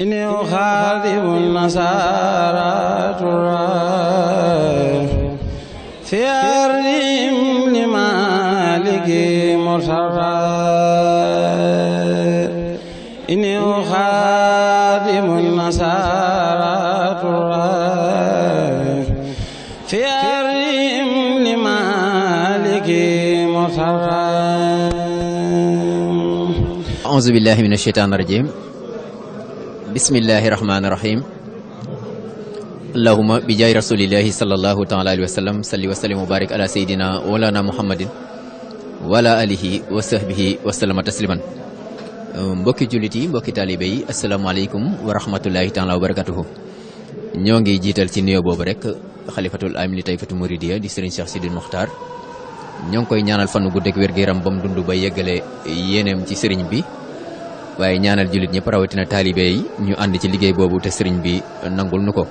إني أخاذب النصارى ترى في أرضهم لمالك مصرى إني أخاذب النصارى ترى في أرضهم لمالك مصرى أعوذ بالله من الشيطان الرجيم بسم الله الرحمن الرحيم اللهم بجاي رسول الله صلى الله عليه وسلم صلى وسلم وبارك على سيدنا ولانا محمد ولا اله وصحبه وسلم تسليما مبكي جوليتي مبكي طالبي السلام عليكم ورحمه الله تعالى وبركاته نيوغي جيتال سي نيو بوب رك خليفه الامين تيفه مريديه دي سيرن شيخ سيدي المختار نيونكاي نيانال فانو غودك ويرغي رام بام دوندو با ييغالي بي waaye ñaanal jullit ñëpp rawatina taalibe yi ñu ànd ci liggéey boobu te sëriñ bi nangul nu ko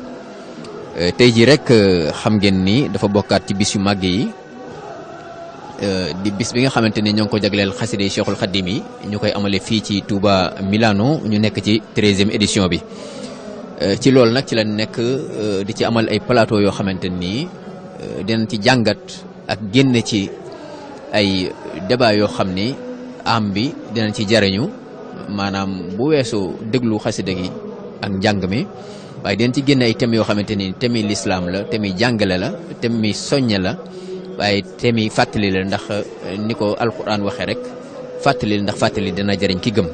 euh, tey jii rek euh, xam ngeen ni dafa bokkaat ci bis yu màgg yi euh, di bis bi nga xamante ni ñoo ngi ko jagleel xasida yi Cheikhul Khadim yi ñu koy amale fii ci Touba Milano ñu nekk ci treizième édition bi ci loolu nag ci la nekk di ci amal ay plateau yoo xamante nii dinañ ci jàngat ak génn ci ay débat yoo xam ni am bi dinañ ci jariñu maanaam bu weesoo déglu xasida gi ak njàng mi waaye den ci génn ay thèmes yoo xamante ni thèmes yi lislaam la thèmes yi jàngale la thèmes yi la waaye thèmes yi fàttali la ndax eh, ni ko alquran waxee rek fàttali la ndax fàttali dina jëriñ ki gëm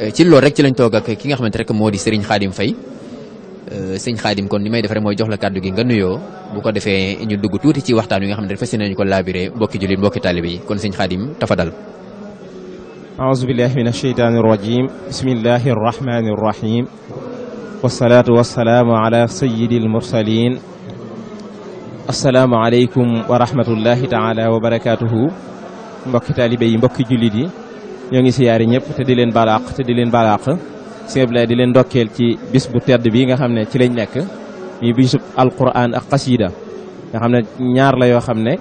eh, ci loolu rek ci lañ toog ak ki nga xamante rek moo di Serigne Khadim Faye eh, sëñ Khadim kon ni may def rek mooy jox la kàddu gi nga nuyoo bu ko defee ñu dugg tuuti ci waxtaan wi nga xam ne fas yéene nañu ko laabiré mbokki jullit mbokki taalibe yi kon sëñ Khadim tafa dal أعوذ بالله من الشيطان الرجيم بسم الله الرحمن الرحيم والصلاة والسلام على سيد المرسلين السلام عليكم ورحمة الله تعالى وبركاته مبكي تالبي مبكي جلدي يوني سياري نيب تدلين بالاق تدلين بالاق سيب لا دلين دوكيل تي بس بوتير دبي نغا خامنة تلين نك مي بيسب القرآن القصيدة نغا خامنة نيار لا يو خامنة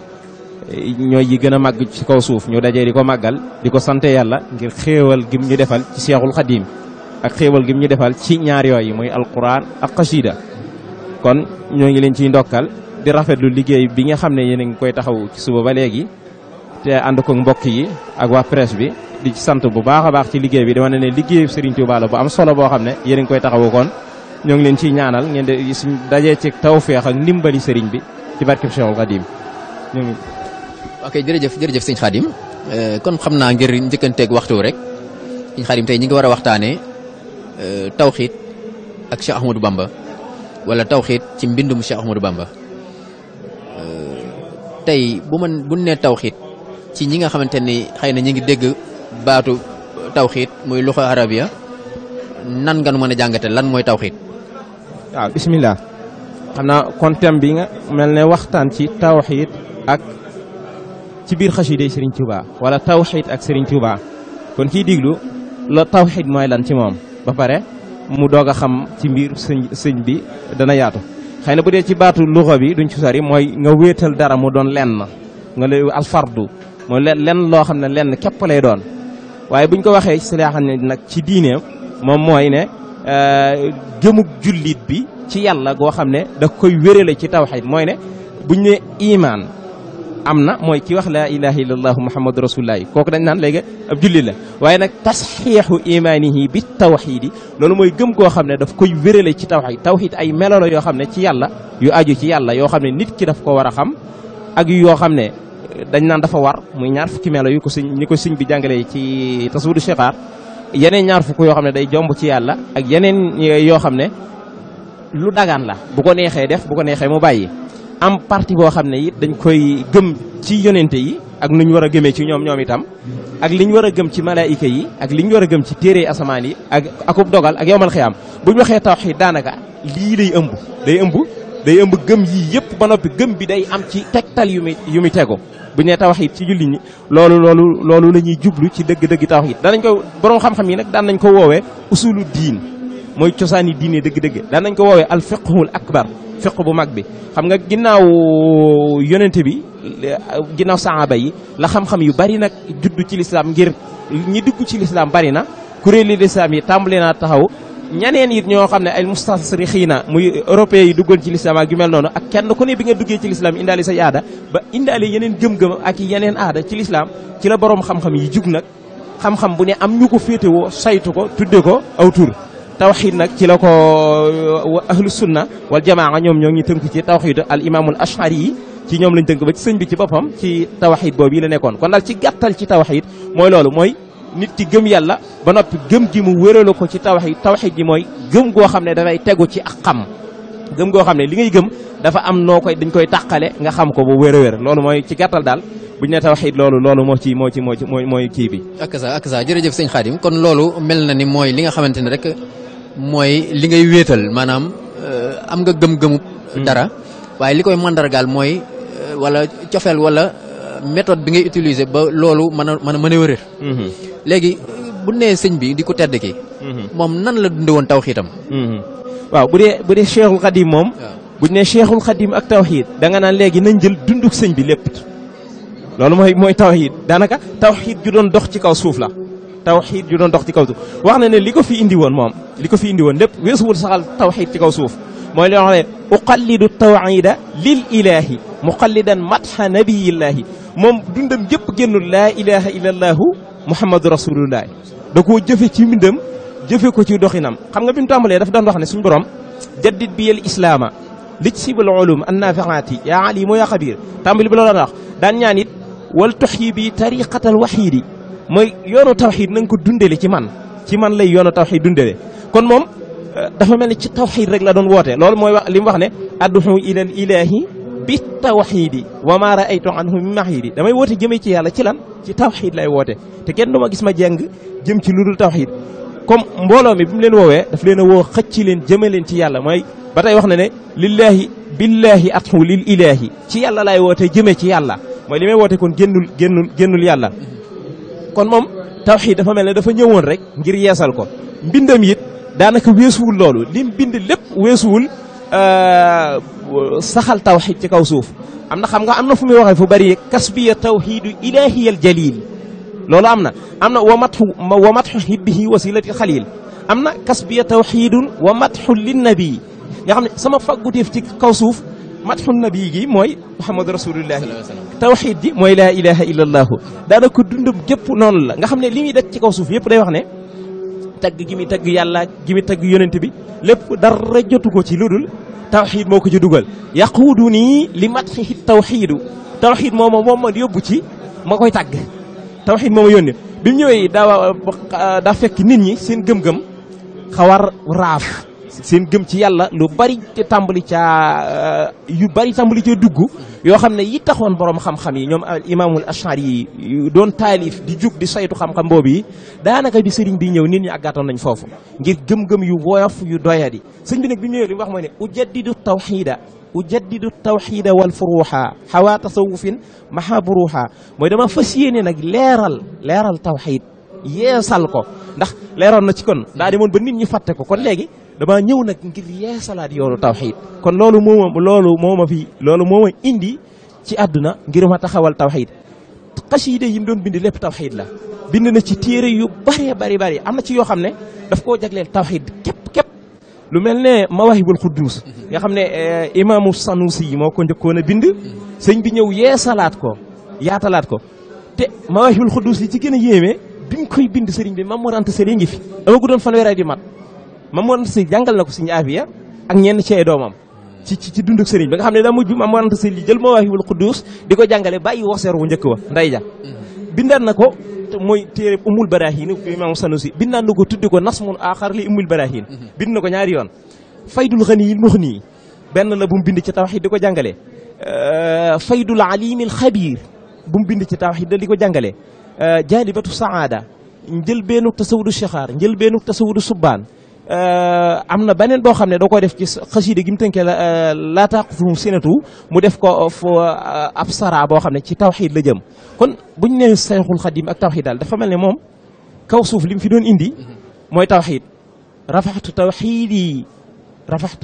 ñooy yi gën a màgg ci kaw suuf ñu dajee di ko màggal di ko sante yàlla ngir xéewal gim ñu defal ci seexul xadiim ak xéewal gim ñu defal ci ñaar yi muy alquran ak xasida kon ñoo ngi leen ciy ndokkal di rafetlu liggéey bi nga xam ne yéen a ngi koy taxaw ci suba ba léegi te ànd ko mbokk yi ak waa presse bi di ci sant bu baax a baax ci liggéey bi di wane ne liggéey Serigne Touba la bu solo boo xam ne yéen a koy taxawu kon ñoo ngi leen ciy ñaanal ngeen di suñ dajee ci tawféex ak ndimbali sëriñ bi ci barkeb Seexul Xadiim ok jërëjëf jërëjëf sëñ xadim eh, kon xam naa ngir njëkkanteeg waxtu rek sëñ xadim tey ñi ngi war a waxtaanee eh, tawxiit ak Cheikh Ahmadou Bamba wala tawxiit ci mbindum Cheikh Ahmadou Bamba eh, tey bu man bu ne tawxiit ci ñi nga xamante ni xëy na ñi ngi dégg baatu tawxiit muy luxa arabia nan nga nu mën a lan mooy tawxiit waaw ah, bismillah xam naa kon thème bi nga mel ne ci tawxiit ak ci biir xasiday Serigne Touba wala tawxid ak Serigne Touba kon kiy diglu la tawxid mooy lan ci moom ba pare mu doog a xam ci mbir sëñ sëñ bi dana yaatu xëy na bu dee ci baatu luxa bi duñ ci sori mooy nga wéetal dara mu doon lenn nga lay alfardu mooy lenn loo xam ne lenn képp lay doon waaye buñ ko waxee silaaxan ne nag ci diine moom mooy ne jëmug euh, jullit bi ci yàlla goo xam ne da koy wérale ci tawxid mooy ne buñ ne imaan أمنا موي كي وخ لا إله إلا الله محمد رسول الله كوك دا نان ليغا اب جولي لا واي نا تصحيح إيمانه بالتوحيد لولو موي گم كو خامني داف كوي ويرالي سي توحيد توحيد أي ميلولو يو خامني سي يالا يو آجو سي يالا يو خامني نيت كي داف كو ورا خام اك يو خامني دنج نان دافا وار موي ñaar fukki melo yu ko señ ni ko señ bi jangale ci tasawur shekhar yenen ñaar fukku yo xamne day jomb ci yalla ak yenen yo xamne lu dagan la bu ko nexé def bu ko nexé am parti boo xam ne it dañ koy gëm ci yonente yi ak nu ñu war a gëmee ci ñoom ñoom itam ak li ñu war a gëm ci malaayika yi ak li ñu war a gëm ci téere asamaan yi ak akub dogal ak yowmal xiyaam bu ñu waxee tawxiid daanaka lii day ëmb day ëmb day ëmb gëm yii yëpp ba noppi gëm bi day am ci tegtal yu muy yu muy tego bu ñu nee tawxiid ci julli ñi loolu loolu loolu la ñuy jublu ci dëgg-dëgg tawxiid danañ ko borom xam-xam yi nag daan nañ ko woowee usulu diin mooy cosaani diine dëgg-dëgg daan nañ ko woowee al fiqhul akbar fiq bu mag bi xam nga ginnaaw yonent bi ginnaaw saaba yi la xam-xam yu bari nag juddu ci lislaam ngir ñi dugg ci lislaam bari na kuréeli lislaam yi tàmbali naa taxaw ñeneen yit ñoo xam ne ay mustasrixiina muy européens yi duggoon ci lislaam ak yu mel noonu ak kenn ku ne bi nga duggee ci lislaam indaale say aada ba indaale yeneen gëm-gëm ak yeneen aada ci lislaam ci la boroom xam-xam yi jug nag xam-xam bu ne am ñu ko féetewoo saytu ko tudde ko aw tawxiid nag ci la ko ahlu sunna wal jamaa ñoom ñoo ngi tënku ci tawxiid al imaamul ashari yi ci ñoom lañ tënk ba ci sëñ bi ci boppam ci tawxiid boobu yi la nekkoon kon daal ci gàttal ci tawxiid mooy loolu mooy nit ki gëm yàlla ba noppi gëm gi mu wéralu ko ci tawxiid tawxiid gi mooy gëm goo xam ne dafay tegu ci ak xam gëm goo xam ne li ngay gëm dafa am noo koy dañ koy tàqale nga xam ko bu wér a wér loolu mooy ci gàttal daal bu ñu nee tawxiid loolu loolu moo ci moo ci moo ci mooy kii bi. ak sa ak sa jërëjëf sëñ Xaadim kon li nga xamante ne rek mooy li ngay wéetal maanaam euh, am nga gëm-gëmu. Hmm. dara waaye li koy mandargaal mooy euh, wala cofeel wala euh, méthode bi ngay utiliser ba loolu mën a mën a mën a wérér. léegi bu nee sëñ bi di ko tedd ki hmm. moom nan la dundee woon tawxiidam. Hmm. waaw bu dee bu dee Cheikhul Khadim moom. bu ñu nee Cheikhul Khadim ak tawxiid da nga naan léegi nañ jël dunduk sëñ bi lépp. loolu mooy mooy tawxiid daanaka tawxiid ju doon dox ci kaw suuf la. توحيد جون دقت كوزو وعنا نلقو في إندي ون مام لقو في إندي ون لب ويسول سال توحيد كوزوف ما يلون عليه أقلد التوعيدة للإله مقلدا مدح نبي الله مم دندم جب جن لا إله إلا الله محمد رسول الله دكو جف في مندم جف في كتير دخنام كم نبين تعمل يا رفدا نروح نسون برام جدد بيا الإسلام لتسيب العلوم النافعات يا عليم يا خبير تعمل بلا نخ والتحيي بطريقة الوحيدي mooy yoonu tawxiid na nga ko dundale ci man ci man lay yoonu tawxiid dundale kon moom euh, dafa mel ni ci tawxiid rek la doon woote loolu mooy wax li mu wax ne adduxu ilal ilaahi bi tawxiidi ton an raaytu anhu yi maxiidi damay woote jëmee ci yàlla ci lan ci tawxiid lay woote te kenn du ma gis ma jeng jëm ci lu dul tawxiid comme mbooloo mi bi mu leen woowee daf leen a woo xëcc leen jëme leen ci yàlla mooy ba tey wax na ne lillaahi billaahi atxu lil ilaahi ci yàlla lay woote jëmee ci yàlla mooy li may woote kon génnul génnul génnul yàlla kon mom tawhid dafa melni dafa ñëwoon rek ngir yeesal ko mbindam it daanaka weesuwul lolu lim bind lépp euh saxal tawhid ci kaw suuf amna xam nga amna fu muy waxe fu bari kasbiya tawxiidu ilaahiyal jalil loolu am na am na wa matxu wa matxu hibbihi wasilati khalil amna na kasbiya tawhid wa lin nabi nga xam ne sama fagguteef ci kaw suuf مدح النبي جي موي محمد رسول الله توحيد دي موي لا اله الا الله دا نك دوند جيب نون لا غا خامني لي مي دك كو سوف ييب داي واخني تاغ جي مي تاغ يالا جي مي تاغ يوننتي بي ليب دار جوتو سي لودول توحيد موكو جي دوغال يقودني لمدح التوحيد توحيد موما موما يوبو سي ماكوي تاغ توحيد موما يوني بيم نيوي دا دا فك نيت ني سين گم گم خوار راف seen gëm ci yàlla lu bari ci tàmbali ci yu bari tàmbali ci duggu yo xamne yi taxone borom xam-xam yi ñom imam al ashari don talif di jug di saytu xam-xam bobu yi daanaka bi serigne bi ñëw nit ñi àggatoon nañ fofu ngir gëm-gëm yu woyof yu doya di serigne bi nag bi ñew li wax mooy ne ujaddidu tawxiida ujaddidu tawxiida wal furuuxa xawaa tasawufin maha buruuxa mooy dama fas yéene nag leeral leeral tawxiid yeesal ko ndax leeroon na ci kon daa demoon ba nit ñi fàtte ko kon léegi damaa ñëw nag ngir yeesalaat yoonu tawxiid kon loolu moo loolu moo fi loolu moo ma indi ci àdduna ngir ma taxawal tawxiid xasiida yi doon bind lépp tawxiid la bind na ci téere yu bare bari bari am na ci yoo xam ne daf koo jagleel tawxiid képp képp lu mel ne Mawaahibul Quddus nga xam ne eh, imaamu Sanusi yi moo ko njëkkoon a bind sëñ bi ñëw yee salaat ko yaatalaat ko te Mawaahibul Quddus yi ci gën a yéeme bi koy bind sëriñ bi Maam Mor Anta Sali ngi fi amagu ma Mamour Anta Sëy jàngal na ko Sëñ Aafiya ak ñenn ci ay doomam ci ci dunduk sëriñ ba nga xam ne daa mujj Mamour Anta Sëy li jël Mawaahibul Quddus di ko jàngale bàyyi waseer wu njëkk wa nday ja mm-hmm. bindaan na ko mooy téere umul barahin bi Imam Sanusi bindaan na ko tuddi ko nasmun aaxar li umul barahin mm-hmm. bind na ko ñaari yoon faydul xanii muxnii benn la bu mu bind ci tawxiid di ko jàngale euh, faydul alimil xabiir bu mu bind ci tawxiid da di ko jàngale euh, jaalibatu saada njël beenuk tasawudu chixaar njël beenuk tasawudu subbaan amna benen bo xamne xam da koy def ci xasida gim teñke la laata xuflum sinatu mu def ko fo absara bo xamne ci tawhid la jëm kon bu ne shaykhul khadim ak tawhid dal dafa melni mom kaw suuf lim fi doon indi moy tawhid rafaxtu tawhidi yi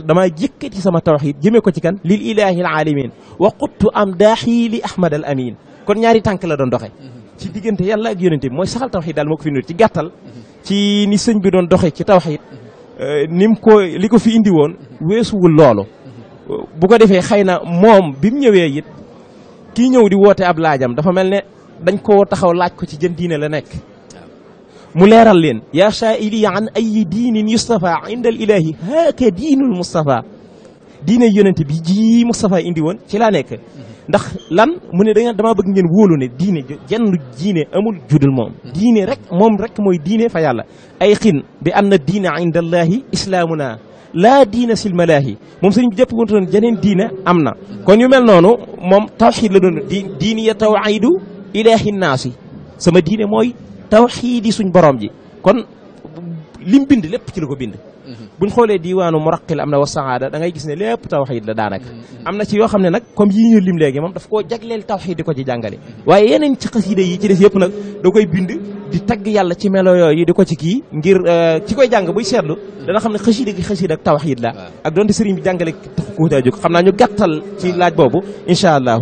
dama jikati sama tawhid jeme ko ci kan lil ilahi al alamin wa quttu am daaxii li ahmad al amin kon ñaari tànk la doon doxe ci digënté yàlla ak yonente moy saxal tawhid dal moko fi fi ci gàttal ci ni sëñ bi doon doxe ci tawhid Eh, ni mu ko li ko fi indi woon weesuwul loolu bu ko defee xëy na moom bi mu ñëwee it kii ñëw di woote ab laajam dafa mel ne dañ koo taxaw laaj ko ci jën diine la nekk mu leeral leen yaa saa'ili an ay diinin yustafa inda al ilahi haaka diinul mustafa diine yonente bi ji mustafa indi woon ci laa nekk ndax lan mu ne da dama bëgg ngeen wóolu ne diine jenn diine amul judul moom hmm. diine rek moom rek mooy diine fa yàlla ay xin bi am na diine inda allaahi islaamuna laa diina silmalaahi moom sëriñ bi jëpp wontoon jeneen diine am na kon yu mel noonu moom tawxiid la doon di diini ya tawxiidu ilaahi naasi sama diine mooy tawxiidi suñ borom ji kon lim bind lépp ci la ko bind buñ xoolee diiwaanu muraqil am na wa da ngay gis ne lépp tawxiid la daanaka am na ci yoo xam ne nag comme yii ñu lim léegi moom daf koo jagleel tawxiid di ko ci jàngale yi ci des yëpp nag da koy bind di ko ci kii ngir ci euh, koy jàng la ak doonte sëriñ bi jàngale tax ko daa jóg xam naa ñu gàttal ci boobu incha allah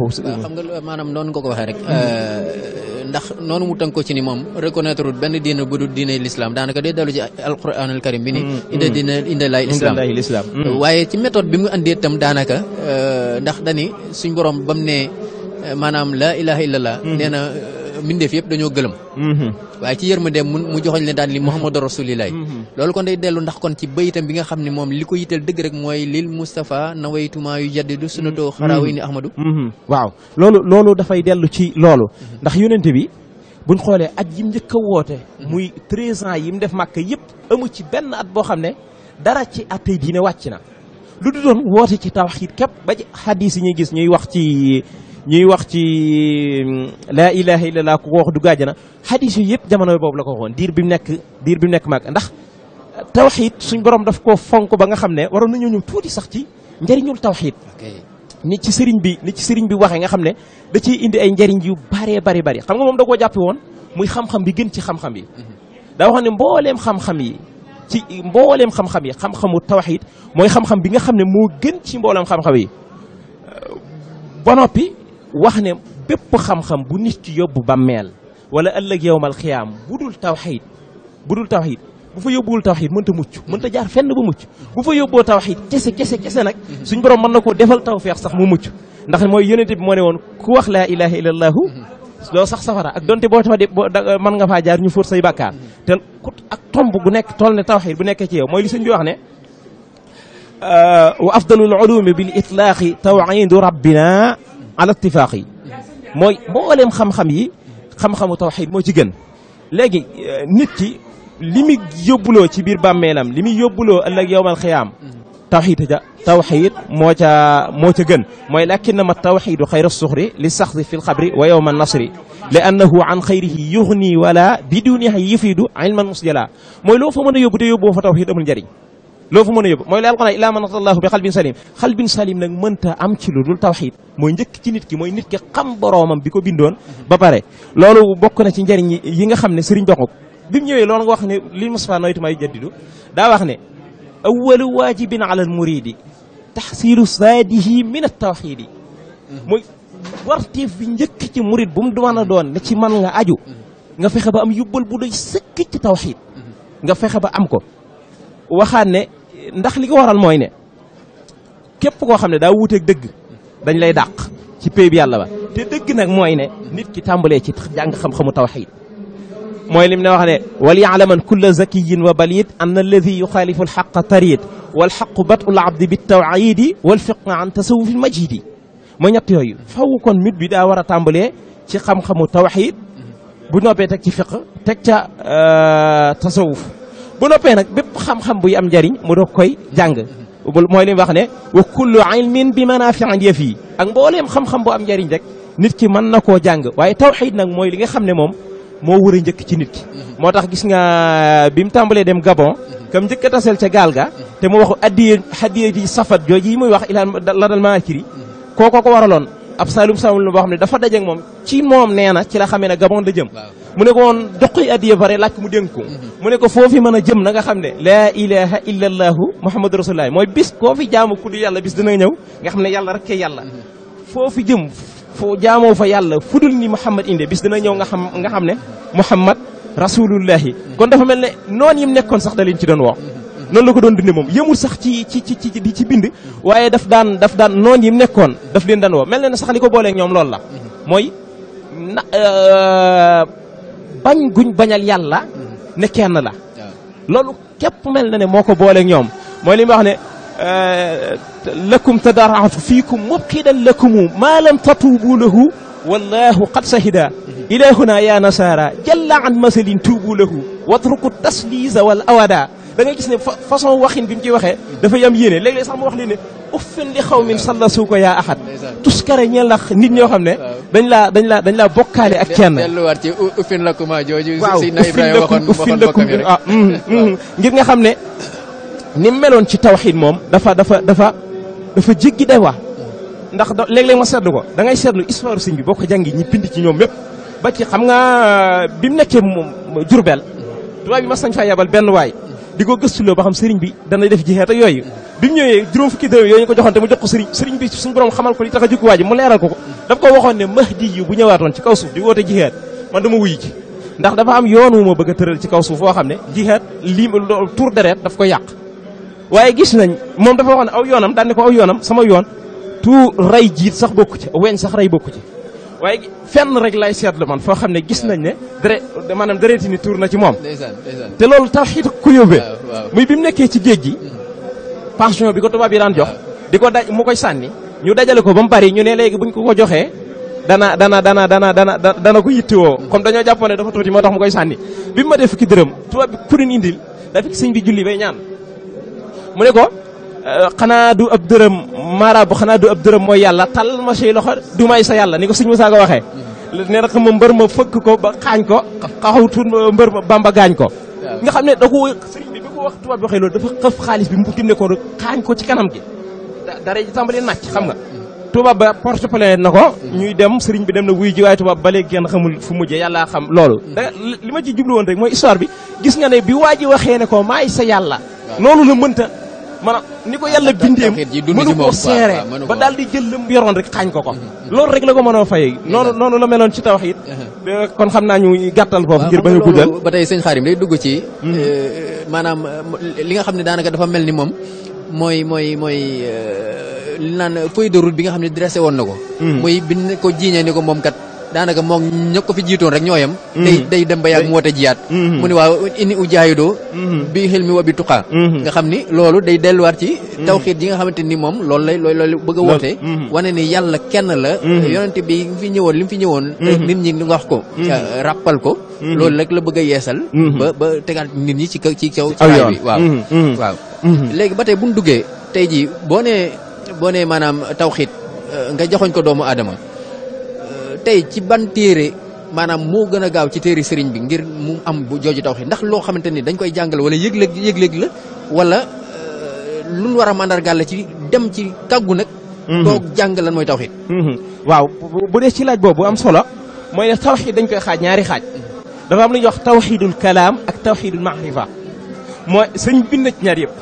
maanaam noonu nga ko rek euh, ndax noonu mu tënk ko ci ni moom reconnaître benn diine bu dul diine l'islam daanaka day dalu ci alquranul karim bi ni mm, dina inda lay islam mm. Mm. waaye ci méthode bi mu andee itam daanaka euh, ndax dani suñ borom bam ne euh, maanaam la ilaha illallah mm-hmm. nee na euh, mbindeef yëpp dañoo gëlëm mm-hmm. waaye ci yërmande mu mu joxoñ le daan li muhammadu rasulillahi mm-hmm. loolu kon day dellu ndax kon ci bayitam bi nga xam ne moom li ko yitteel dëgg rek mooy lil moustapha nawaytuma yu jaddidu sunnatoo xaraawi ni ahmadou waaw loolu loolu dafay dellu ci loolu ndax yonente bi buñ xoolee at yim njëkk woote mhm. muy treize ans yim def màkk yëpp amu ci benn at boo xam ne dara ci attey diine wàcc na lu du doon woote ci tawxiid képp ba ci xadiis yi ñuy gis ñuy wax ci ñuy wax ci mm, laa ilaha illallah ku ko wax du na xadiis yooyu yëpp jamono boobu la ko waxoon diir bi mu nekk diir bi mu nekk màkk ndax tawxiid suñ borom daf ko fonk ba nga xam ne waroon nañoo ñëw tuuti sax ci njëriñul tawxiid ni ci serigne bi ni ci serigne bi waxe nga xamne da ci indi ay njariñ yu bare bare bare xam nga mom da koo won muy xam-xam bi gën ci xam-xam bi da wax ne mbooleem xam-xam yi ci mbollem xam-xam yi xam-xamu tawhid moy xam-xam bi nga xamne mo gën ci mbollem xam-xam yi ba noppi wax ne bépp xam-xam bu nit ci yóbbu bàmmeel wala ëllëg yowmal qiyam budul tawhid budul tawhid bu fa tawhid mën ta mucc mën ta jaar fenn bu mucc bu fa yóbboo tawxiid kesse kesse kese nag suñ borom man nako defal tawfiq sax mu mucc ndax moy yonent bi mo ne ku wax la ilaha illallah do sax safara ak donte bo tafa de mën nga fa jaar ñu fur say bàkkaar te ku ak tombu gu nek toll tawhid bu nek ci yow moy li suñu bi wax ne wa afdalul ulumi bil itlaq taw'id rabbina ala ittifaaqi mooy mbooleem xam-xam yi xam-xamu tawhid mo ci gën léegi nit ki li muy yóbbuloo ci biir bàmmeelam li muy yóbbuloo ëllëg yowmal xiyaam tawxiid ja tawxiid moo ca moo ca gën mooy lakinama tawxiidu xayra suxri li saxdi fi lxabri wa yowma nasri li annahu an xayrihi yuxni wala bi dunihi yufidu ilman musjala mooy loo fa mën a yóbbu te yóbbu fa tawxiid amul njëriñ loo fa mën a yóbbu mooy la alqona ilaa man atallahu bi xalbin salim xalbin salim nag mënta am ci lu dul tawxiid mooy njëkk ci nit ki mooy nit ki xam boroomam bi ko bindoon ba pare loolu bokk na ci njëriñ yi nga xam ne sëriñ doxuk bi mu ñëwee loolu nga wax ne li Moustapha nawaytu may jaddidu daa wax ne awalu waajibin ala al muridi taxsilu saadihi min at tawxiidi mooy warteef bi njëkk ci murid bu mu mën doon ne ci man nga aju nga fexe ba am yubbal bu doy sëkk ci tawhid nga fexe ba am ko waxaat ne ndax li ko waral moy ne képp ko xamné da daa wuuteeg dëgg dañ lay dàq ci péy bi yàlla ba te dëgg nak moy ne nit ki tambalé ci jàng xam-xamu tawhid moy lim ne wax ne wal yaalaman kullu zakiyyin wa balid an alladhi yukhalifu alhaqqa tarid wal haqqu batu alabd bit bi wal walfiqu an tasawufi majidi mooy ñett yoy faw kon mit bi da wara tambale ci xam-xamu tawhid bu noppee tek ci fiq tek ca tasawuf bu noppee nak bépp xam-xam bu am jariñ mu do koy jàng moy lim wax ne wa kullu ilmin bi manafi'in yafi ak mbolem xam-xam bu am jariñ rek nit ki man nako jàng waye tawhid nak moy li nga xamne mom mo wër a ci nit ki mhm. motax gis nga bim mu dem Gabon mhm. kam njëkk sel tasel galga gaal ga mhm. te mu waxu adiy addiye ji safat joji muy wax ilaan la dal maakiri koko ko waralon ab salum salum lu xam ne dafa dajeeg mom ci mom nee ci la Gabon la jëm mu ne ko won doqi adiy bare làkk mu denku mu ne ko foofi mën jëm nga xam la ilaha illa allahu rasulullah moy bis ko fi jaamu yalla bis dina ñew nga xam yalla rek ke yalla foofi jëm foo jaamoo fa yàlla fudul ni Muhammad inde bis dina ñëw nga xam nga xam ne Muhammad rasulullahi kon dafa mel ne noonu yim nekkoon sax da leen ci doon woo noonu la ko doon dunde moom yëmul sax ci ci ci di ci bind waaye daf daan daf daan noonu yim nekkoon daf leen daan woo mel ne na sax ni ko booleeg ñoom loolu la mooy na euh, bañ guñ bañal yàlla ne kenn la loolu képp mel na ne moo ko booleeg ñoom mooy li mu ne لكم تدارعت فيكم مبكدا لكم ما لم تطوبوا له والله قد شهد إلى هنا يا نصارى جل عن مثل توبوا له واتركوا التسليز والأودا da ngay gis ne façon waxin bi mu ciy waxee dafa yam yéene léeg-léeg sax mu wax li ne uffin li xaw min salla suu ko yaa axat tuskare ñeel la nit ñoo xam ne dañ laa dañ laa dañ laa bokkaale ak kenn delluwaat ci uffin lakuma jooju waaw uffin lakum uffin lakum ngir nga xam ne ni meloon ci tawxid moom dafa dafa dafa dafa jéggi day wax ndax léeg-léeg ma seetlu ko da ngay seetlu histoire sëñ bi boo ko ñi bind ci ñoom yëpp ba ci xam nga euh, bi mu nekkee jurbel tubaab bi mas nañ faa yabal benn waay di ko gëstuloo ba xam sëriñ bi dana def jixeet ak yooyu bi mu ñëwee juróom fukki dërëm yooyu ñu ko joxoon mu jox ko sëriñ sëriñ bi suñ borom xamal ko li tax a jukkuwaa mu leeral ko daf ko waxoon ne mahdi yu bu ñëwaatoon ci kaw suuf di woote jixeet man dama wuyu ji ndax dafa am yoon wu ma bëgg a ci kaw suuf foo xam ne jixeet lii tuur deret daf ko yàq waaye gis nañ moom dafa waxoon aw yoonam daan ne ko aw yoonam sama yoon Tu ray jiit sax bokku ci weñ sax rey bokku ci waaye fenn rek lay seetlu man foo xam gis nañ ne dre maanaam dereeti ni tuur na ci moom te loolu tawxiid ku yóbbee muy bi mu ci géej mm-hmm. pension bi ko tubaab yi daan jox di ko daj mu koy sànni ñu dajale ko ba bari ñu ne buñ ko ko dana dana dana dana dana dana ko yittewoo mm-hmm. comme japone, jàppoon ne dafa tuuti Bima tax mu koy sànni bi ma def bi kurin indil dafa sëñ bi julli bay ñaan mu ne ko euh, xanaa du ab dërëm maaraab bu xanaa du ab dërëm mooy yàlla talal ma say loxo du ay sa yàlla ni ko sëñ Moussa ko waxee ne rek ma mbër ma fëkk ko ba xaañ ko xaxawtu mbër ma bamba gaañ ko nga xam ne da ko ko wax tubaab bi waxee dafa xëf xaalis bi mu tim ne ko xaañ ko ci kanam gi dara ji tàmbali nàcc xam nga tubaab ba porte plainte na ko ñuy dem sëriñ bi dem na wuy ji waaye ba léegi kenn xamul fu mujjee yàlla xam loolu da li ma ci jublu woon rek mooy histoire bi gis nga ne bi waa ji waxee ne ko maay sa yàlla loolu la mënta maanaam ni ko yàlla bindee mënu koo seere ba daal di jël lim yoroon rek xaañ ko ko mhm. loolu rek la ko mënoo fayee noonu noonu la meloon ci tawxiid mhm. kon xam naa ñuy gàttal foofu ngir bañ a guddal ba tey sëñ Xaarim day dugg ci mhm. euh, maanaam li nga xam ne daanaka dafa mel ni moom mooy mooy mooy euh, li naan feuille de bi nga xam ne dressé woon na ko muy bind ko jiiñee ni ko moom kat daanaka moom ña ko fi jiitoon rek ñooyam mm-hmm. day day dem ba yàgg mu woote jiyaat mm-hmm. mu ni waaw ini u jaayidoo mm-hmm. bi xel mi wa bi tuqaa nga xam ni loolu day delluwaat ci tawxiit yi nga xamante ni moom loolu lay loolu bëgg a woote wane ni yàlla kenn la yonente bi fi ñëwoon li mu fi ñëwoon nit ñi wax ko rappal ko loolu rek la bëgg a yeesal ba ba tegaat nit ñi ci ci kaw ci raay bi waaw waaw léegi ba tey bu ñu duggee tey jii boo nee boo nee maanaam tawxiit euh, nga joxoñ ko tey ci ban téere maanaam moo gën a gaaw ci téere sëriñ bi ngir mu am bu jooju tawxiid ndax loo xamante ni dañ koy jàngale wala yëg-léeg yëg-léeg la wala euh, lu nu war a màndargaal la ci dem ci kàggu nag. Mhm. toog jàng lan mooy tawxiid. Mhm. waaw bu dee ci laaj boobu am solo mooy ne tawxiid dañ koy xaaj ñaari xaaj. dafa am lu ñuy wax tawxiidul kalaam ak tawxiidul maarifa mooy sëñ bind ci ñaar yëpp.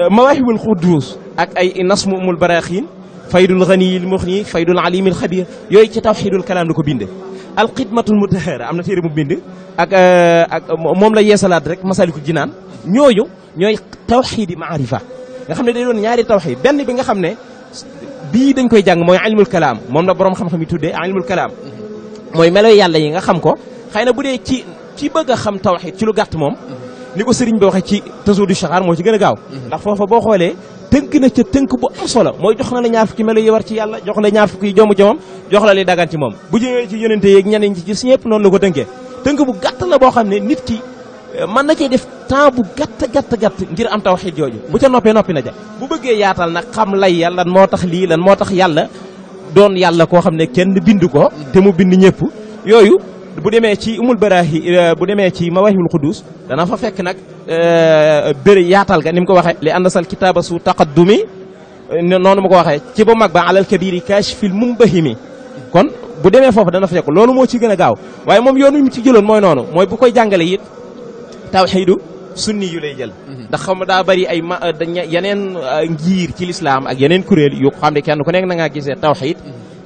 Euh, mawaahibul xudduus ak ay nasmu umul baraaxiin faydul xani il muxni faydul alim il xabir yooyu ci tawxiidul kalaam la ko binde alxidmatul mutahara am na téere mu bind ak ak moom la yeesalaat rek masaliku jinaan ñooyu ñooy tawxiidi maarifa nga xam ne day doon ñaari tawxiid benn bi nga xam ne bii dañ koy jàng mooy ilmul kalaam moom la borom xam-xam yi tuddee ilmul kalaam mooy melo yàlla yi nga xam ko xëy na ci ci bëgg xam tawxiid ci lu gàtt moom ni ko bi waxee ci tasoo du chaxaar moo ci gën gaaw ndax foofa boo xoolee tënk na ca tënk bu am solo mooy jox na la ñaar fukki melo yi war ci yàlla jox la ñaar fukki joomu jomam jox la li dagan ci moom bu jëwee ci yonente yeeg ñeneen ci gis ñëpp noonu la ko tënkee tënk bu gàtt la boo xam ne nit ki euh, mën na cee def temps bu gàtt gàtt gàtt ngir am tawxiid jooju bu ca noppee noppi na ja bu bëggee yaatal nag xam lay ya lan moo tax lii lan moo tax yàlla doon yàlla koo xam ne kenn bind ko te mu bind ñëpp yooyu bu demee ci umul baraahi bu demee ci mawahibul qudus dana fa fekk nag bëri yaatal ga ni mu ko waxee li andasal kitaaba su taqaddumi noonu ma ko waxee ci ba mag ba alal kabiri kashfil mumbahimi kon bu demee foofu dana fa fekk loolu moo ci gën a gaaw waaye moom yoonu mu ci jëloon mooy noonu mooy bu koy jàngale it tawxiidu sunni yu lay jël ndax xam daa bari ay ma yeneen ngiir ci lislaam ak yeneen kuréel yu xam ne kenn ku nekk na ngaa gisee tawxiid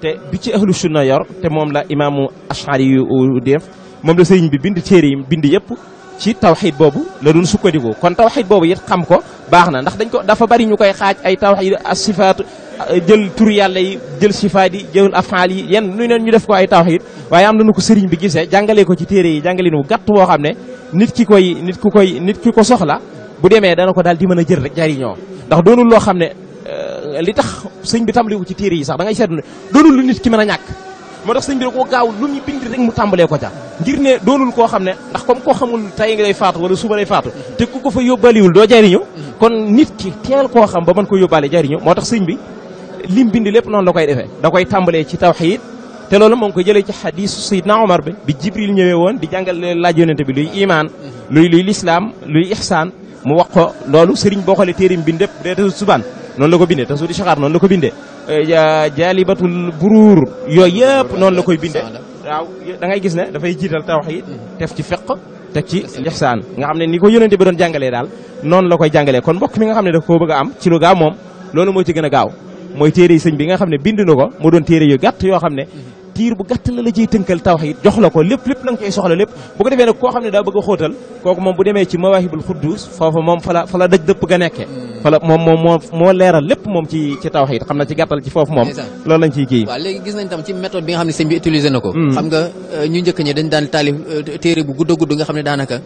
te bi ci ahlu sunna te moom la imaamu ashari yu def moom la sëriñ bi bind téere yi bind yëpp ci tawxid boobu la doon sukkandiku kon tawxid boobu it xam ko baax na ndax dañ ko dafa bari ñu koy xaaj ay tawxid as sifaatu jël tur yàlla yi jël sifaat yi jël afaal yi yenn nu neen ñu def ko ay tawxid waaye am na ko sëriñ bi gisee jàngalee ko ci téere yi jàngalee wu gàtt boo xam ne nit ki koy nit ku koy nit ki ko soxla bu demee dana ko daal di mën a jël rek Euh, li tax sëñ bi tàmbaliwu ci téere yi sax da ngay seetlu ne doonul lu nit ki mën a ñàkk moo tax sëñ bi da koo gaaw lu ñu bind rek mu tàmbalee ko ca ngir ne doonul koo xam ne ndax comme koo xamul tey nga day faatu wala suba faatu te ku ko fa yóbbaaliwul doo jariñu kon nit ki teel koo xam ba mën ko yóbbaale jariñu moo tax sëñ bi lim bind lépp noonu la koy defee da koy tàmbalee ci tawxiid te loolu moo ngi ko jëlee ci xadiisu Seydina Omar bi bi Jibril ñëwee woon di jàngal laaj yonente bi luy imaan luy luy lislaam luy ixsaan mu wax ko bi ndépp noonu la ko bindee tasuudi saxaar noonu la ko bindee jaalibatul buruur yooyu yëpp noonu la koy bindee waaw da ngay gis ne dafay jiital tawxiid def mm-hmm. ci feq te ci lixsaan nga xam ne ni ko yónente bi doon jàngalee daal noonu la koy jàngalee kon mbokk mi nga xam ne daf koo bëgg a am ci lu gaaw moom loolu moo ci gën gaaw mooy téere yi sëñ bi nga xam ne bind na ko moo doon téere yu gàtt yoo xam ne mm-hmm. diir bu gàtt la la ciy tënkal tawxiid jox ko lépp lépp la nga koy soxla lépp bu ko defee nag koo xam ne daa bëgg a xóotal kooku moom bu demee ci mawaahibul xuddus foofu moom fa la fa la daj dëpp ga nekkee hmm. fala moom moom moo moo leeral lépp moom ci ci tawxiid xam na ci gàttal ci foofu moom loolu lañ ciy kii waaw léegi gis nañ tam ci méthode bi nga xam ne sëñ bi utilisé na ko hmm. xam nga euh, ñu njëkk ñi dañ daan taalif euh, téere bu gudd a gudd nga xam ne daanaka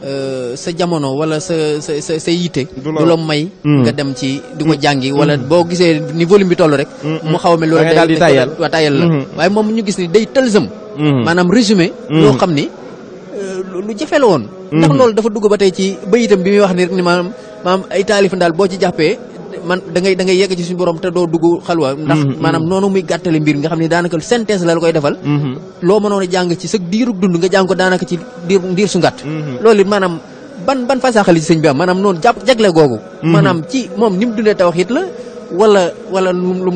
Euh, sa jamono wala sa sa sa sa yitte. du la may. Mm. nga dem ci di ko jàngi. Mm. wala mm. boo gisee ni volume bi toll rek. mu xaw a mel loolu la. Mm-hmm. waaye moom ñu gis ni day tëlsam. Mm-hmm. maanaam résumé. Mm-hmm. loo xam ni euh, lu jafe la woon. ndax loolu dafa dugg ba tey ci bayitam bi muy wax ni rek ni maanaam ay taalif daal boo ci jàppee. man da ngay da ngay yegg ci suñu borom te doo dugg xalwa ndax mm-hmm. maanaam noonu muy gàttale mbir nga xam ne synthèse la koy defal mm-hmm. loo mënoon a ci sa diirub dund nga ko ci su mm-hmm. ban ban fasaxali ci sëñ bi am maanaam noonu jàpp jagle googu maanaam ci moom ni mu dundee la wala wala lu mu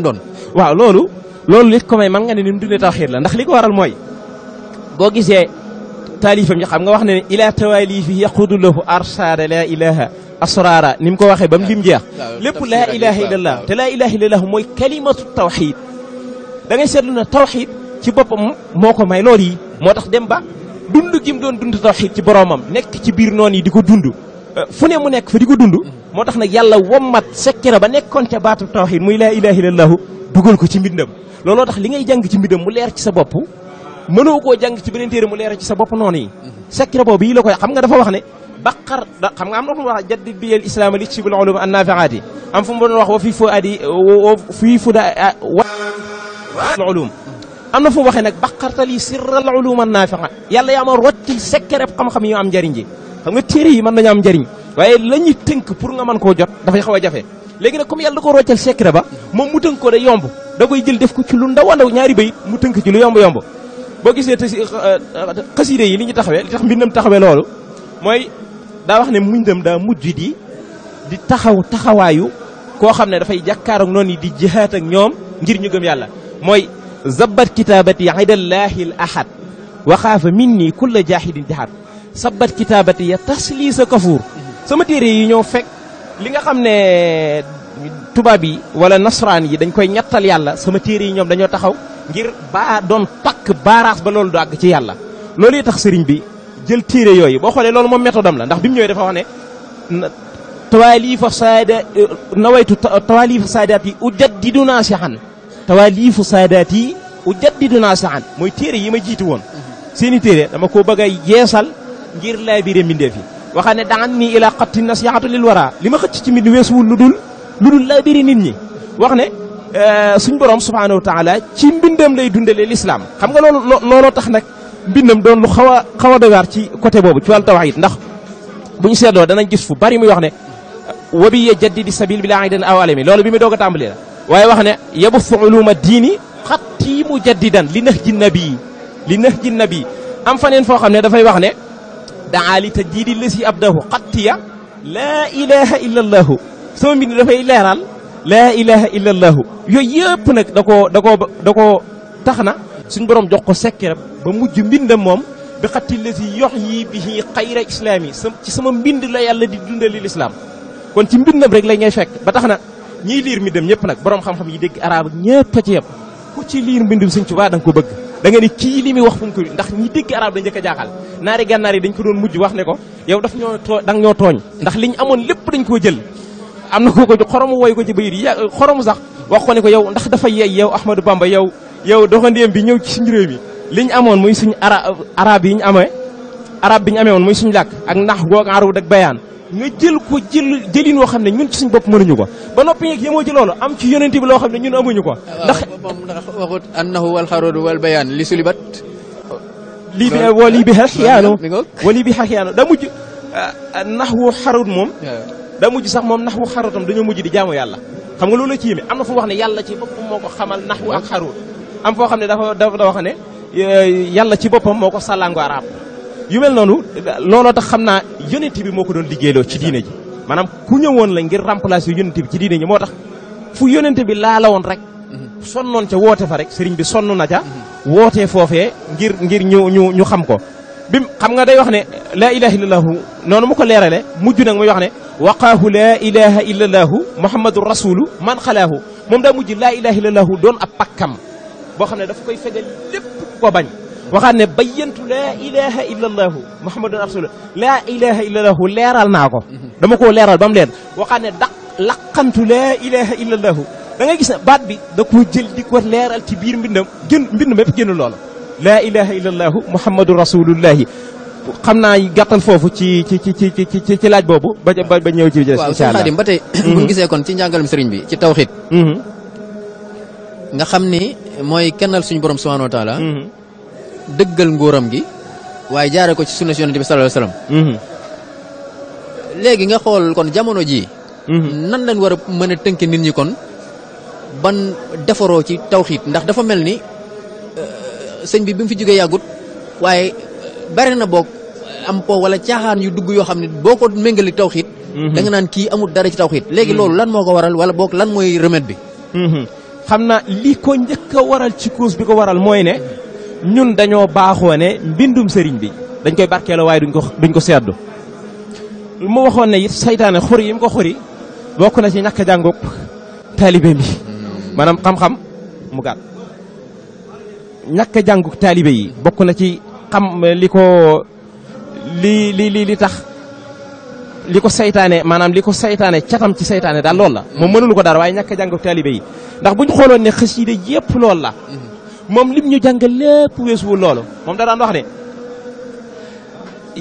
waaw loolu loolu li ko may man nga ni mu dundee tawxiit la ndax li waral mooy xam nga wax ila yaqudu lahu la ilaha asrara nim ko waxe bam lim jeex lepp la ilaha illallah te la ilaha illallah moy kalimatu tawhid da ngay setlu na tawhid ci bopam moko may lor yi motax dem ba dundu gim don dundu tawhid ci boromam nek ci bir non yi diko dundu fune mu nek fa diko dundu motax nak yalla nag wommat sekkira ba nekkoon ca batu tawhid muy la ilaha illallah dugul ko ci mbindam lolo tax li ngay jang ci mbindam mu leer ci sa bop mënoo koo ci benen mu leer ci sa bop non yi sekkira yi la koy xam nga dafa wax ne baqar xam nga am na fu mu wax jaddid bi al islaam li ci bil ulum an nafiaati am fu mu doon wax wa fii fu adi wa fii fu da al ulum am na fu mu waxee nag baqartali sirral ulum an nafia yàlla yaa ma rotti secret xam-xam yu am njëriñ ji xam nga téere yi mën nañu am njëriñ waaye la ñuy tënk pour nga mën koo jot dafay xaw a jafe léegi nag comme yàlla da ko roccal secret ba moom mu tënk ko da yomb da koy jël def ko ci lu ndaw a ndaw ñaari bayit mu tënk ci lu yomb yomb boo gisee xaside yi li ñu taxawee li tax mbindam taxawee loolu mooy daa wax ne muñdam da mujj di di taxaw taxawayu ko xamne da fay jakkar ak noni di jihad ak ñom ngir ñu gëm yàlla moy zabat kitabati aidallahi alahad wa khaf minni kull jahidin jihad sabbat kitabati kitaabati kafur tasli sama téere yi ñoo fek li nga xamne tuba bi wala nasran yi dañ koy ñettal yàlla sama téere yi ñom dañoo taxaw ngir ba don tak baras ba loolu du ci yàlla loolu tax serigne bi jël tiré yoy bo xolé loolu moom méthode am la ndax bimu mu dafa wax ne tawalif saada nawaytu tawalif saadaat ujaddiduna ujaddidu tawalif tawaaliifu ujaddiduna yi moy tiré mooy téere yi ma seeni téere dama koo bëgg a ngir laay biire mbindeef yi waxaa ne dangan nii ilaa nasihatu lil wara li ma ci mit weesuwul lu dul lu dul nit ñi wax ne borom subhanahu wa taala ci mbindam lay dundale lislaam xam nga loolu looloo tax nag mbindam doon lu xaw a xaw a dogaar ci côté boobu ci wàllu tawxiid ndax bu ñu seetloo danañ gis fu bari muy wax ne wabi ya jaddidi sabil bi laa den aw alami loolu bi mu doog a tàmbali la waaye wax ne yabufu uluma diini xatti mu jaddidan li nax ji nabi li nax ji nabi am faneen foo xam ne dafay wax ne daali tajdiidi lesi abdahu xattiya laa ilaha illa allahu sama mbind dafay leeral laa ilaha illa allahu yooyu yëpp nag da koo da koo da koo tax na suñ borom jox ko sekkiram ba mujj mbindam moom bi xatti si yox yi bi xayra islaam yi ci sama mbind la yàlla di dundali lislaam kon ci mbindam rek la ngay fekk ba tax na ñiy liir mi dem ñëpp nag borom xam-xam yi dégg arab ak ñëpp a ci yem ku ci liir mbindum suñ Tuubaa da nga ko bëgg da nga ni kii li muy wax fu mu ko ndax ñi dégg arab dañ njëkk a jaaxal naari gànnaar yi dañ ko doon mujj wax ne ko yow daf ñoo too da ñoo tooñ ndax liñ amoon lépp dañ koo jël am na ko ko xoromu woy ko ci bayit yi sax wax ko ne ko yow ndax dafa yeey yow Ahmadou Bamba yow yow doxandéem bi ñëw ci suñu réew mi li ñu amoon muy suñu ara araab yi ñu amee arab bi amee woon muy suñu làkk ak ndax goog arud ak bayaan nga jël ko jël jëlin woo xam ne ñun ci bopp mënuñu ko ba noppi yeeg yemoo ci loolu am ci yonent bi loo xam ne ñun amuñu ko. ndax am nax wal xarud wal bayaan li sulibat. lii bi wali bi xaxiyaanu wali bi xaxiyaanu daa mujj ah, ndax wu xarud moom. daa mujj sax moom nax wu xarutam dañoo mujj di jaamu yàlla. xam nga loolu la ci yéeme am na fu wax ne yàlla ci boppam moo ko xamal nax wu ak xarud. am foo xam ne dafa dafa wax ne eh, yàlla ci boppam moo ko sàllaangu arab yu mel noonu looloo tax xam naa yonent bi moo ko doon liggéeyloo ci diine ji maanaam ku ñëwoon la ngir remplacer yonent bi ci diine ji moo tax fu yonent bi laala woon rek sonnoon ca woote fa rek sëriñ bi sonn na ca wootee foofee ngir ngir ñu ñu ñu xam ko bim xam nga day wax ne laa ilaha illallahu noonu mu ko leerale mujj nag muy yox ne waqaahu laa ilaha illallahu muhammadu rasulu man xalaahu moom daa mujj laa ilaha illallahu doon ab pakkam بخنا دفكي فجل لب قبان وخنا بينت لا إله إلا الله محمد رسول لا إله إلا الله لا رال ناقو دمكو لا رال بامدين وخنا دق لقنت لا إله إلا الله دعني كسن بعد بي دكو جل دكو لا رال تبير بندم جن بندم بجن الله لا إله إلا الله محمد رسول الله kamna gatal fofu ci ci ci ci ci ci ci laaj bobu ba ba ñew ci jëf inshallah xadim batay mhm. bu gisee kon ci njangalum serigne mooy kennal suñu borom subhaanahu wa taala mhm. dëggal nguuram gi waaye jaare ko ci sunna si yonent bi sallallahu mhm. léegi nga xool kon jamono ji mhm. nan lañ war mën a tënk nit ñi kon ban defaroo ci tawxiit ndax dafa mel ni euh, sëñ bi bi mu fi jógee yàggut waaye euh, bari na boog am po wala caaxaan yu dugg yoo xam ne boo ko méngali tawxiit da nga naan kii amul dara ci tawxiit léegi loolu lan moo ko waral wala boog lan mooy remède bi xam na li ko njëkk waral ci cause bi ko waral mooy ne ñun dañoo baaxoo ne mbindum sëriñ bi dañ koy barkeeloo waaye duñ ko duñ ko seddu lu ma waxoon ne it saytaane xuri yi mu ko xuri bokk na ci ñàkk a jàngub taalibe bi maanaam xam-xam mu gàtt ñàkk a taalibe yi bokk na ci xam li ko li li li tax li ko saytaane maanaam li ko saytaane catam ci saytaane daal loolu la moom mënul ko dara waaye ñàkk a jàngub taalibe yi ndax bu ñu xooloon ne xasida yépp loolu la mhm. moom lim ñu jàngal lépp weesuwul loolu moom da daan wax ne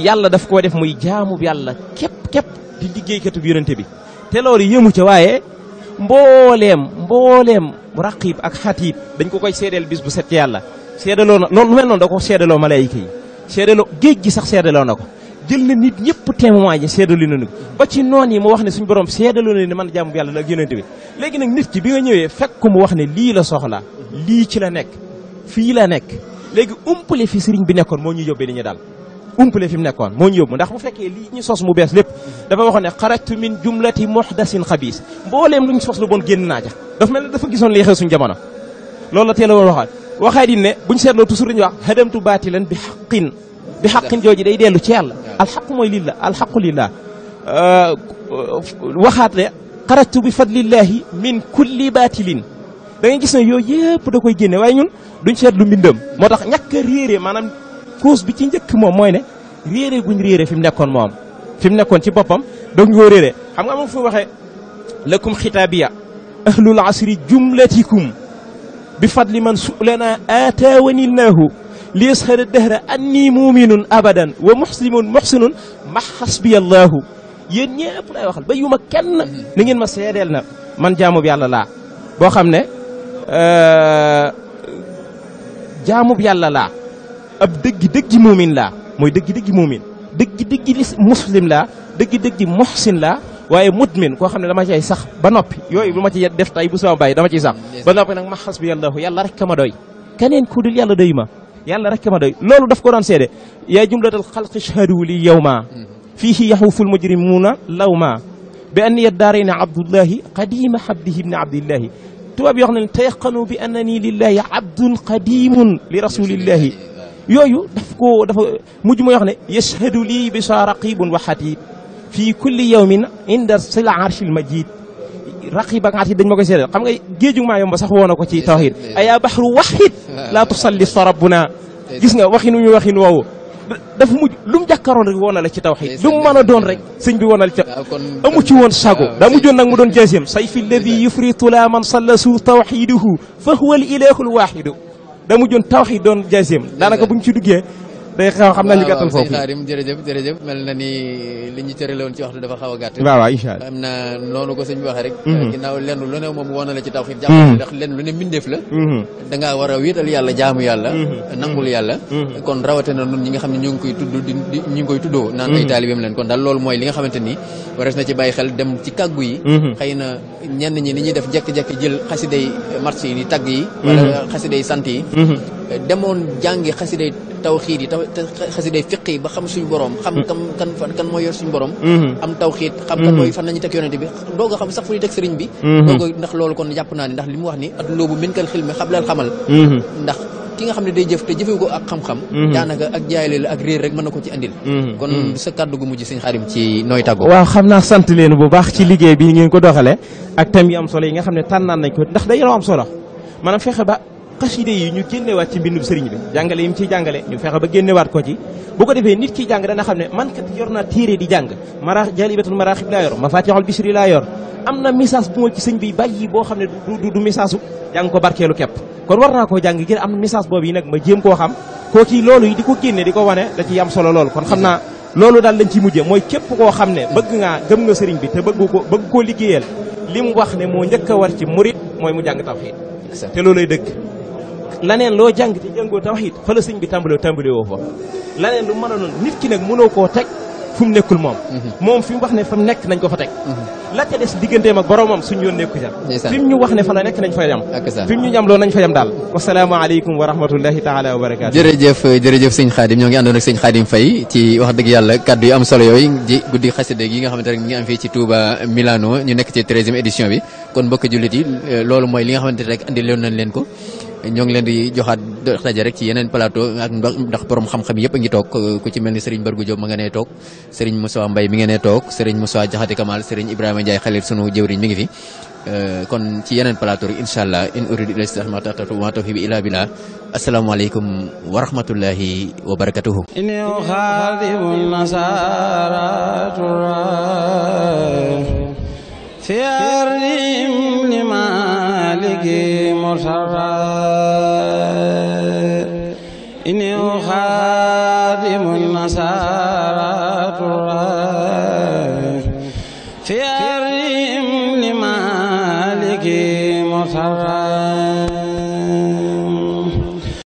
yàlla daf koo def muy jaamu yàlla képp képp di liggéeykatu bi yonente bi te loolu yëmu ca waaye mbooleem mbooleem raqiib ak xatiib dañ ko koy seedeel bis bu set ci yàlla seedaloo na noonu lu mel noonu da ko seedaloo malaayika yi seedaloo géej gi sax seedaloo na ko jël na nit ñëpp témoigné seedali nañu ba ci noon yi mu wax ne suñu borom seedaloo na ne man jàmm yàlla la ak yonente bi léegi nag nit ki bi nga ñëwee fekk ko mu wax ne lii la soxla lii ci la nekk fii la nekk léegi umpale fi sëriñ bi nekkoon moo ñu yóbbee li ñu daal umpale fi mu nekkoon moo ñu yóbbu ndax bu fekkee lii ñu sos mu bees lépp dafa waxoon ne xarajtu min jumlati muhdasin xabiis mbooleem lu ñu sos lu bon génn naa ca dafa mel ne dafa gisoon li xew suñu jamono loolu la teel a woon waxaat waxaat yi ne buñ seetloo toujours dañuy wax hadamtu baatilan bi xaqin بحق جوجي داي ديلو سي الحق موي لله الحق لله آه، واخات لي قرات بفضل الله من كل باطل دا نجي سن يوي ييب داكوي ген واي نون دون سيت لو ميندم موتاخ نياك ريري مانام كوس بي تي نيك موم موي ني ريري غون ريري فيم نيكون موم فيم نيكون سي بوبام دون غو ريري خمغا مو فو واخه لكم خطابيا اهل العصر جملتكم بفضل من سؤلنا اتاوني الله ليسخر الدهر أني مؤمن أبدا ومحسن محسن ما حسبي الله ينيب لا يخل بيوم كن نين ما سيدلنا من جامو بيا الله بوخمنا آه، جامو بيا الله أب دقي دقي مؤمن لا موي دقي دقي مؤمن دقي دقي مسلم لا دقي دقي محسن لا waye mudmin ko xamne dama ci sax ba nopi yoy bu ma ci def tay bu sama baye dama ci sax ba nopi nak ma hasbi yalla yalla rek kama doy kenen ku dul yalla doy ma يلا ركبوا دوي لولو داف كوران سيدي يا جملة الخلق شهدوا لي يوما فيه يحوف المجرمون لوما بأن الدارين عبد الله قديم حبده ابن عبد الله تو بيغن تيقنوا بأنني لله عبد قديم لرسول الله يو دافكو داف مجمو يغن يشهد لي بشارقيب وحتيب في كل يوم عند سلع عرش المجيد raqi bagaat yi dañ ma koy seedal xam nga géejug maa yomba sax woo na ko ci tawhid ayaa baxru waxit laa tusalli sa rabbuna gis nga waxinu ñu waxin woowu dafa mujj lu mu jàkkaaroon rek woon na la ci tawxiid lu mu a doon rek sëñ bi woon na la ci amu ci woon sago da mujjoon nag mu doon jaasim say fi lladi yufritu la man sallasu tawxiiduhu fa huwa al ilahul waaxidu daa mujjoon tawxiid doon jaasim daanaka bu ñu ci duggee day xaw xam naa ñu gàttal foofu Xaadim jërëjëf jërëjëf mel na ni li ñu cërale woon ci waxtu dafa xaw a gàtt waaw waaw incha allah am na noonu ko sëñ bi waxee rek mhm. ginnaaw lenn lu ne moom woon na la ci tawxiid jàpp mhm. ndax mhm. da ngaa war a wéetal yàlla jaamu xel dem ci kàggu yi xëy ñenn ñi ni ñuy def jekk-jekk jël xasiday marché yi ni tagg yi wala xasiday sant yi demoon jàngi xasiday tawxiid yi te xasida yi fiqi ba xam suñu borom xam kan kan fan kan mooy yor suñu borom am tawxiid xam kan mooy fan nañu teg yonente bi doog a xam sax fu ñu teg sëriñ bi doog a ndax loolu kon jàpp naa ni ndax li mu wax ni at loobu min kal xilmi xablal xamal ndax ki nga xam ne day jëf te jëfewu ko ak xam-xam daanaka ak jaayale la ak réer rek mën na ko ci andil kon sa kàddu gu mujj sëñ xaarim ci nooy tàggoo waaw xam naa sant leen bu baax ci liggéey bi ngeen ko doxale ak tam yi am solo yi nga xam ne tànnaan nañ ko ndax day am solo maanaam fexe ba xaside yi ñu génnewaat ci mbindum sëriñ bi jàngale yi mu ciy jàngale ñu fexe ba génnewaat ko ci bu ko defee nit ki jàng dana xam ne man kat yor naa téere di jàng mara jalibatul maraaxib laa yor mafatihul bisri laa yor am na message bu ma ci sëñ bi bàyyi boo xam ne du du message jàng ko barkeelu képp kon war naa koo jàng ngir am na message boobu yi nag ma jéem koo xam koo kii loolu yi di ko génne di ko wane da ciy am solo loolu kon xam naa loolu daal lañ ciy mujjee mooy képp koo xam ne bëgg ngaa gëm nga sëriñ bi te bëgg ko bëgg koo liggéeyal li mu wax ne moo njëkk war ci murit mooy mu jàng tawxiid te loolay dëgg laneen loo jàng te jàngoo tawxiid fa la sëñ bi tàmbalee tàmbalee woo fa laneen lu mën a doon nit ki nag mënoo koo teg fu nekkul moom mhm. moom fi mu wax ne fa nekk nañ ko fa teg mhm. la ca des digganteem ak boromam suñu yoon ñu wax ne fa la nekk nañ fa yam fi mu ñu ñam loo nañ fa yam daal wasalaamaaleykum wa rahmatullahi taala wa barakaatu jërëjëf jërëjëf sëñ Xaadim ñoo ngi àndoon ak sëñ Xaadim Faye ci wax dëgg yàlla kàddu yu am solo yooyu di guddi xasida gi nga xamante rek ñi ngi am fii ci Touba Milano ñu nekk ci treizième édition bi kon mbokk jullit yi loolu mooy li nga xamante rek andi loon nañ leen ko ñong leen di joxat daja rek ci yeneen plateau ak ndax borom xam-xam yépp ngi tok ku ci melni Serigne Bargu job ma nga nee tok Serigne Moussa mbay mi nga tok Serigne Moussa jahati Kamal Serigne Ibrahima ndjay Khalil sunu jëwriñ mi ngi fi euh, kon ci yeneen plateau rek in uridu ila islah ma taxtatu ila billah alaykum wa rahmatullahi wa barakatuhu ini ukhadimu nasara turra fi ni limaliki المرسلات إني أخادم النصارى